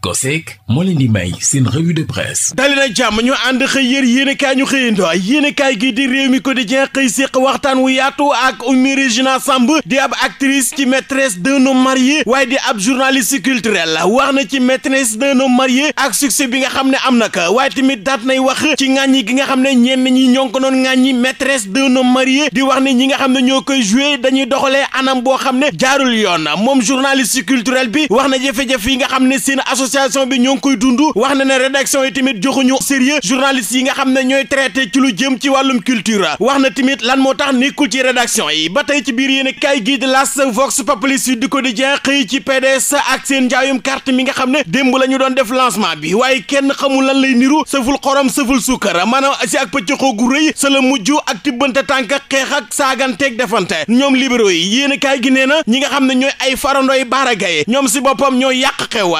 COSEC moo leen di may seen revue de presse dali na jàmm ñu ànd xëy yër yéenekaay ñu xëyando yéenekaay gi di réew mi quotidien xëy séq waxtaan wu yaatu ak Oumy Régina Samb di ab actrice ci maîtresse d'un homme marié waaye di ab journaliste culturel wax na ci maîtresse d'un homme marié ak succès bi nga xam ne am na ko waaye tamit daat nay wax ci ŋàññi gi nga xam ne ñenn ñi ñoo ngi ko doon ŋàññi maîtresse d'un homme marié di wax ne ñi nga xam ne ñoo koy joué dañuy doxalee anam boo xam ne jaarul yoon moom journaliste na jafe-jafe yi association bi ñoo ngi koy dund wax na ne rédaction yi tamit joxuñu sérieux journalistes nga xam ne ñooy traité ci lu jëm ci wàllum culture wax na tamit lan moo tax nekkul ci rédaction yi ba tey ci biir yéen kay gi de las Vox Populi Sud Quotidien xëy ci PDS ak seen njaayum carte mi nga xam ne démb la ñu doon def lancement bi waaye kenn xamul lan lay niru sëful xorom sëful sukkar maanaam si ak pëccëxoo gu rëy sa la mujj ak tibbante tànk xeex ak saaganteeg defante ñoom libéraux yi yéen kay gi nee na ñi nga xam ne ñooy ay farandoy baaragaye ñoom si boppam ñooy yàq xew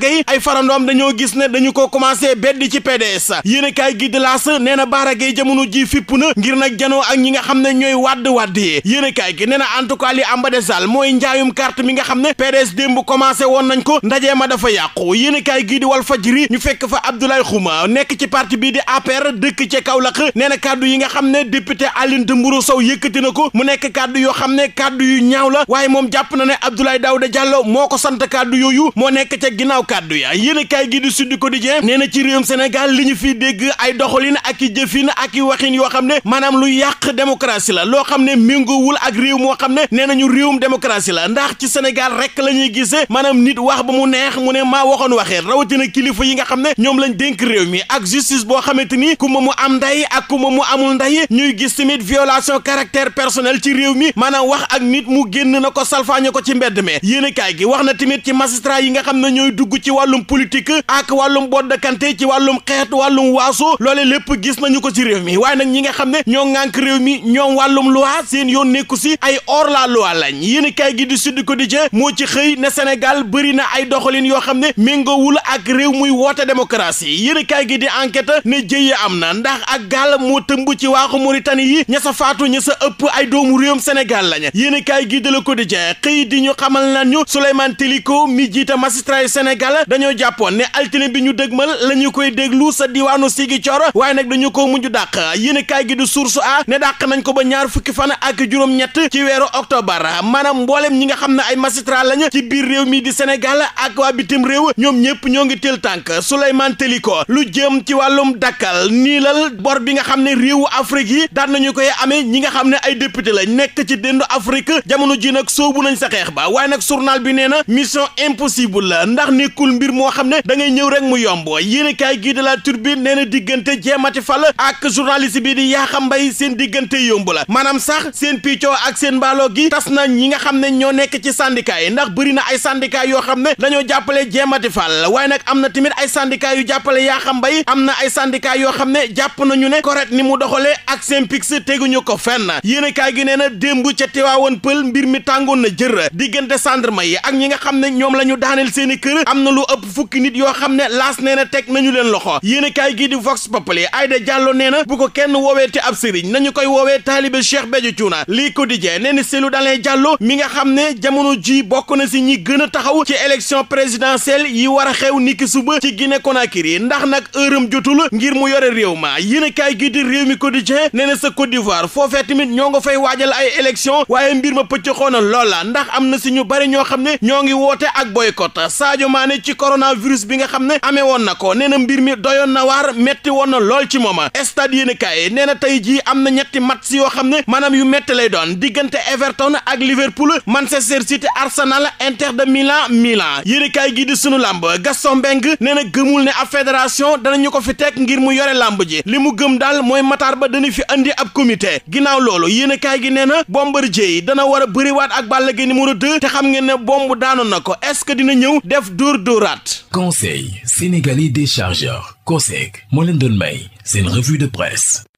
Gueye ay farandoom dañoo gis ne dañu ko commencé beddi ci PDS yéenekaay gi di L'As nee na Bara Gueye jamono ji fipp na ngir nag janoo ak ñi nga xam ne ñooy wàdd wàdd yi yéenekaay gi nee na en tout cas li amba desal mooy njaayum carte mi nga xam ne PDS démb commencé woon nañ ko ndaje ma dafa yàqu yéenekaay gi di Walf Fadjri ñu fekk fa Abdoulaye Khouma nekk ci parti bii di APR dëkk ci Kaolack nee na kàddu yi nga xam ne député Aline Dembourou Sow yëkkati na ko mu nekk kàddu yoo xam ne kàddu yu ñaaw la waaye moom jàpp na ne Abdoulaye Daouda Diallo moo ko sant kàddu yooyu moo nekk ca ginnaaw kàddu ya gi di Sud Quotidien nee na ci réewum Sénégal li ñu fiy dégg ay doxalin ak i jëfin ak i waxin yoo xam ne maanaam lu yàq démocratie la loo xam ne méngoowul ak réew moo xam ne nee nañu réewum démocratie la ndax ci Sénégal rek la ñuy gisee maanaam nit wax ba mu neex mu ne maa waxoon waxee rawatina kilifa yi nga xam ne ñoom lañ dénk réew mi ak justice boo xamante ni ku ma mu am nday ak ku ma mu amul nday ñuy gis tamit violation caractère personnel mi mu génn na ko salfaañe ko ci mbedd mi yéen kaay gi wax ci wàllum politique ak wàllum boddakante ci wàllum xeet wàllum waaso loole lépp gis nañu ko ci réew mi waaye nag ñi nga xam ne ñoom ŋànk réew mi ñoom wàllum loi seen yoon nekku si ay hors la loi lañ yéen kay gi di Sud Quotidien moo ci xëy ne Sénégal bëri na ay doxalin yoo xam ne méngoowul ak réew muy woote démocratie yéen kay gi di enquête na jëye am na ndax ak gaal moo tëmb ci waaxu Mauritanie yi ña faatu ña sa ëpp ay doomu réewum Sénégal lañ yéen kay gi di Le Quotidien xëy di ñu xamal nañu Souleymane Teliko mi jiite magistrat Sénégal Sall dañoo jàppoon ne altine bi ñu dëgmal la ñu koy déglu sa diwaanu Ziguinchor waaye nag dañu ko mujj dàq yéenekaay gi du Source A ne dàq nañ ko ba ñaar fukki fan ak juróom-ñett ci weeru octobre maanaam mboolem ñi nga xam ne ay magistrat lañ ci biir réew mi di Sénégal ak waa bitim réew ñoom ñëpp ñoo ngi teel tànk Souleymane ko lu jëm ci wàllum nii niilal bor bi nga xam ne réewu Afrique yi daan nañu koy amee ñi nga xam ne ay député la nekk ci déndu Afrique jamono ji nag soobu nañ sa xeex ba waaye nag journal bi nee na mission impossible la ndax ni nekkul mbir moo xam ne da ngay ñëw rek mu yomb yéen kaay gii de la turbine nee na diggante jeemati fal ak journaliste bi di Yakham mbay seen diggante yomb la maanaam sax seen piccoo ak seen mbaaloo gi tas na ñi nga xam ne ñoo nekk ci sandikaay yi ndax bëri na ay sandikaay yoo xam ne dañoo jàppale jeemati fal waaye nag am na tamit ay syndicat yu jàppale Yakham Mbaye am na ay syndicat yoo xam ne jàpp nañu ne correct ni mu doxale ak seen pix teguñu ko fenn yéen gi nee na démb ca Tiwaawoon pël mbir mi tàngoon na jër diggante gendarme yi ak ñi nga xam ne ñoom la ñu daaneel seen i kër am na lu ëpp fukki nit yoo xam ne laas nee na teg nañu leen loxo yéen kaay gii di Vox Populi Aïda Diallo nee na bu ko kenn wooweeti ab sëriñ nañu koy woowee taalibe Cheikh Béthio Thioune lii quotidien nee na Cellou Dalein Diallo mi nga xam ne jamono ji bokk na si ñi gën a taxaw ci élection présidentielle yi war a xew niki suba ci Guinée Conakry ndax nag heuram jotul ngir mu yore réew ma yéen kaay gii di réew mi quotidien nee na sa Côte d'Ivoire foofee tamit ñoo nga fay waajal ay waaye mbir ma pëcc xoona loola ndax am na si ñu bari ñoo xam ne ñoo ngi woote ak boycott ne ci coronavirus bi nga xam ne amee woon na ko nee na mbir mi doyoon na waar metti woon na lool ci mooma stade yéen kaay nee na tey jii am na ñetti mat match yoo xam ne maanaam yu metti lay doon diggante Everton ak Liverpool Manchester City Arsenal Inter de Milan Milan yéen kaay gii di sunu làmb Gaston Mbengue nee na gëmul ne ab fédération danañu ko fi teg ngir mu yore lamb ji li mu gëm daal mooy Matar Ba dana fi andi ab comité ginnaaw loolu yéen kaay gi nee na Bombardier dana war a bëriwaat ak Balla Gaye numéro 2 te xam ngeen ne bomb daanoon na ko est-ce que dina ñëw def dóor dóoraat conseil sénégalais des chargeurs COSEC moo leen doon may seen revue de presse